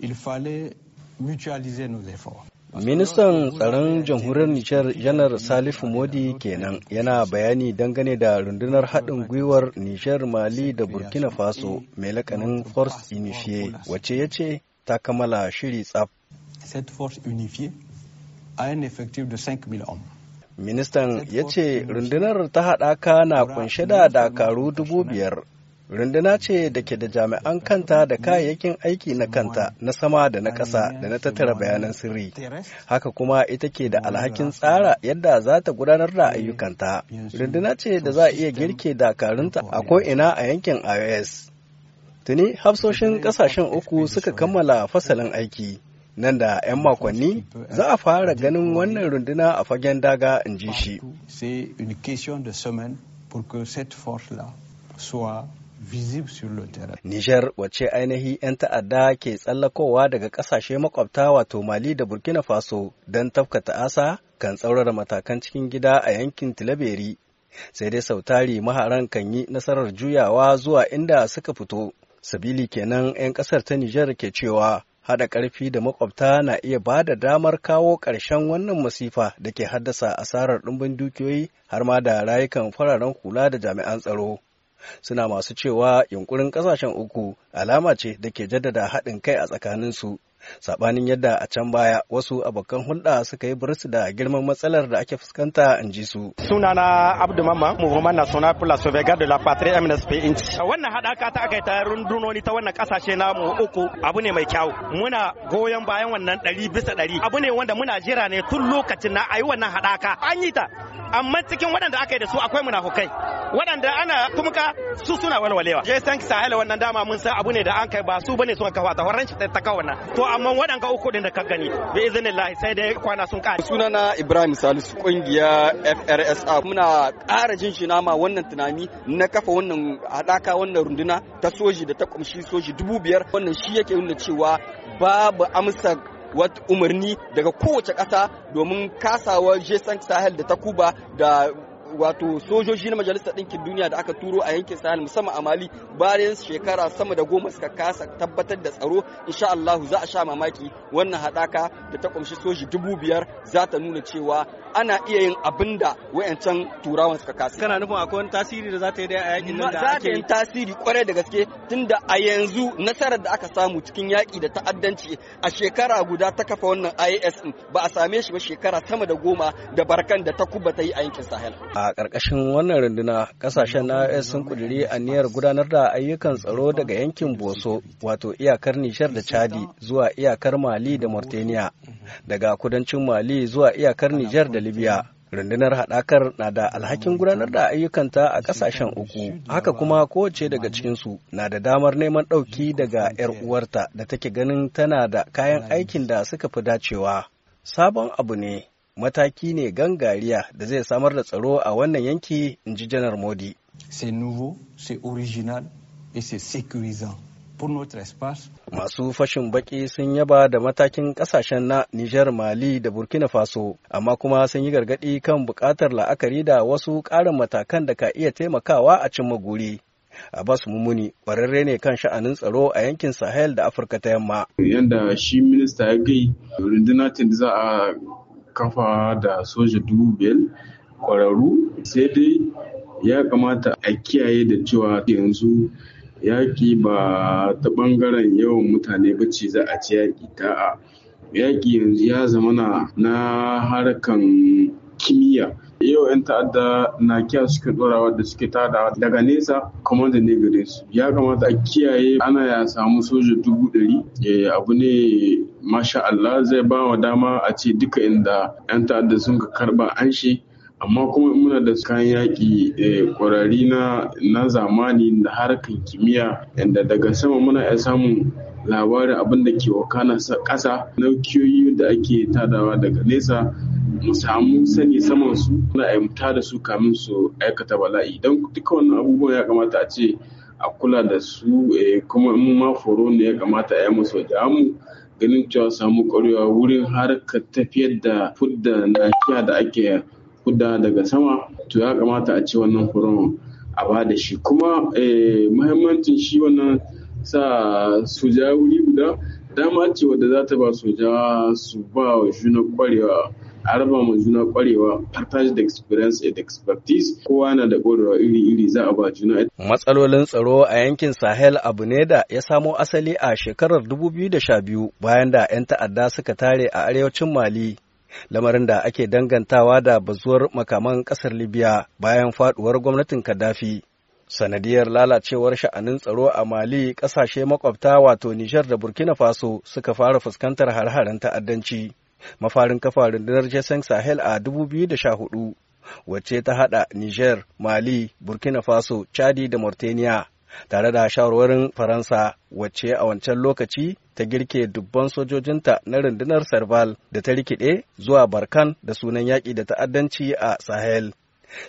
il fallait mutualiser nos efforts. Ministan tsaron jamhuriyar Nijar Janar Salifu Modi kenan yana bayani dangane da rundunar haɗin gwiwar Nijar Mali da Burkina Faso mai lakanin Force Unifiée wacce ya ce ta kammala shiri tsaf. Cette force unifiée a un effectif de 5000 hommes. Ministan ya ce rundunar ta haɗaka na kunshe da dakaru dubu biyar Runduna ce da ke da jami'an kanta da kayayyakin aiki na kanta na sama da na ƙasa da na tattara bayanan sirri. Haka kuma ita ke da alhakin tsara yadda za ta gudanar da ayyukanta. Runduna ce da za a iya girke dakarunta a ko'ina a yankin IOS. Tuni hafsoshin ƙasashen uku suka kammala fasalin aiki. nan da 'yan makonni za a fara ganin wannan runduna a fagen daga in ji shi. visible sur le terrain. Niger wace ainihi 'yan ta'adda ke tsallakowa daga kasashe makwabta wato Mali da Burkina Faso don tafka ta'asa kan tsaurara matakan cikin gida a yankin Tilaberi. Sai dai sautari maharan kan yi nasarar juyawa zuwa inda suka fito. Sabili kenan 'yan kasar ta niger ke cewa haɗa ƙarfi da makwabta na iya ba da damar kawo ƙarshen wannan masifa da ke haddasa asarar ɗumbin dukiyoyi har ma da rayukan fararen hula da jami'an tsaro. suna masu cewa yunkurin ƙasashen uku alama ce da ke jaddada haɗin kai a tsakaninsu sabanin yadda a can baya wasu abokan hulɗa suka yi birsu da girman matsalar da ake fuskanta in ji su. Sunana Abdu Mamma, Mouvement National pour la de la Patrie MNSP Inch. Wannan haɗaka ta aka yi ta rundunoni ta wannan ƙasashe namu uku abu ne mai kyau. Muna goyon bayan wannan ɗari bisa ɗari. Abu ne wanda muna jira ne tun lokacin na ayi wannan haɗaka. An yi ta, amma cikin waɗanda aka yi da su akwai munafukai. Waɗanda ana kumka su suna walwalewa. Je san Sahel wannan dama mun san abu ne da an kai ba su bane suka kafa ta horon shi ta kawo wannan. To amma waɗanga uku da ka gani bi iznillahi sai da kwana sun kare sunana Ibrahim Salisu ƙungiya FRSA muna ƙara jin shi nama wannan tunani na kafa wannan haɗaka wannan runduna ta soji da ta kumshi soji dubu biyar wannan shi yake nuna cewa babu amsa wata umarni daga kowace ƙasa domin kasawa jesan sahel da ta kuba da wato sojoji na majalisar ɗinkin duniya da aka turo a yankin sahel musamman a mali bayan shekara sama da goma suka kasa tabbatar da tsaro insha allahu za a sha mamaki wannan haɗaka da ta ƙunshi soji dubu biyar za ta nuna cewa ana iya yin abin da wayancan turawan suka kasa kana nufin akwai wani tasiri da za ta yi a yakin nan da ake yi tasiri kwarai da gaske tunda a yanzu nasarar da aka samu cikin yaƙi da ta'addanci a shekara guda ta kafa wannan IAS ba a same shi ba shekara sama da goma da barkan da ta kuba ta yi a yankin Sahel A ƙarƙashin wannan runduna, ƙasashen na sun ƙudiri aniyar gudanar da ayyukan tsaro daga yankin Boso, wato iyakar Nishar da Chadi zuwa iyakar Mali da Mauritania, daga kudancin Mali zuwa iyakar Nijar da Libya. rundunar haɗakar na da alhakin gudanar da ayyukanta a ƙasashen uku haka kuma kowace daga cikinsu na da damar neman ɗauki daga 'yar uwarta da take ganin tana da kayan aikin da suka fi dacewa sabon abu ne mataki ne gangariya da zai samar da tsaro a wannan yanki in ji janar modi Masu fashin baki sun yaba da matakin kasashen na Nijar Mali da Burkina Faso, amma kuma sun yi gargadi kan bukatar la'akari da wasu ƙarin matakan da ka iya taimakawa a cimma guri. Abbas Mumuni ƙwararre ne kan sha'anin tsaro a yankin Sahel da Afirka ta Yamma. Yadda shi minista ya gai za a kafa da soja dubu biyar kwararru sai dai ya kamata a kiyaye da cewa yanzu yaƙi ba ta bangaren yawan mutane ba ce za a ci yaƙi ta a yaƙi yanzu ya zama na harkan kimiyya yau 'yan ta'adda na kiya suke dorawa da suke tada daga nesa kuma da ne gare su ya kamata a kiyaye ana ya samu soja dubu ɗari eh, abu ne masha Allah zai ba wa dama a ce duka inda 'yan ta'adda sun ka karba an shi amma kuma muna da kayan yaƙi eh, ƙwararri na zamani da harkar kimiyya inda daga sama muna iya samun labarin abin da ke wakana ƙasa naukiyoyi da ake tadawa daga nesa mu samu sani saman su na aimta da su kamin su aikata bala'i don duka wannan abubuwan ya kamata a ce a kula da su eh, kuma in ma foro ne ya kamata a yi musu da amu. ganin cewa samu ƙwarewa wurin harkar tafiyar da fudda nakiya da ake fudda daga sama to ya kamata a ce wannan horon a ba da shi kuma eh, muhimmancin shi wannan sa su ja wuri guda dama ce wadda za ta ba sojawa su ba wa juna kwarewa a raba ma juna kwarewa partage da experience and expertise kowa na da kwarewa iri-iri za a ba juna. Matsalolin tsaro a yankin Sahel abu ne da ya samo asali a shekarar 2012 bayan da 'yan ta'adda suka tare a arewacin Mali. Lamarin da ake dangantawa da bazuwar makaman kasar Libya bayan faduwar gwamnatin Kaddafi. Sanadiyar lalacewar sha'anin tsaro a Mali ƙasashe makwabta wato Nijar da Burkina Faso suka fara fuskantar har ta'addanci. Mafarin kafa rundunar Jason Sahel a 2014 wacce ta haɗa Nijar, Mali, Burkina Faso, Chadi da Mauritania tare da shawarwarin Faransa wacce a wancan lokaci ta girke dubban sojojinta na rundunar Serval da ta rikide zuwa Barkan da sunan yaƙi da ta'addanci a Sahel.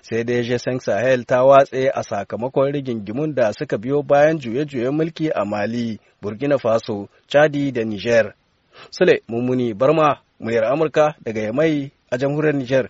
sai dai jason sahel ta watse a sakamakon rigingimun da suka biyo bayan juye-juyen mulki a mali burkina faso chadi da niger sule mummuni barma muryar amurka daga yamai a jamhuriyar niger